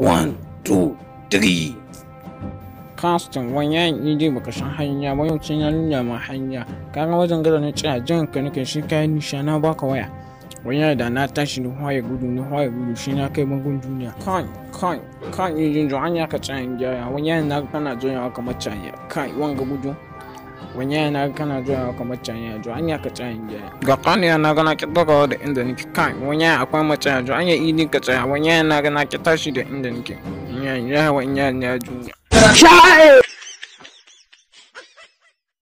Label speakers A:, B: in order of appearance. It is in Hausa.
A: One, two, three.
B: Casting wani yayin idi baka san hanya ba yau sun nuna ma hanya. Kaga wajen gada na tsaya jan ka nake shi kayan nisha na baka waya. Wani da na tashi ni haye gudu ni haye gudu shi na kai magun duniya. Kai kai kai idin jo hanya ka tsaya in gyara wani yayin na kana joyawa kamar caya kai wanga gudu. wanya na kana zuwa kamar can ya jua. anya ka can ya ga na gana ki daga da inda niki kai wanya akwai mace ya jua. anya idi ka tsaya wanya na gana ki tashi da inda niki ya ya wanya ya jo sha'i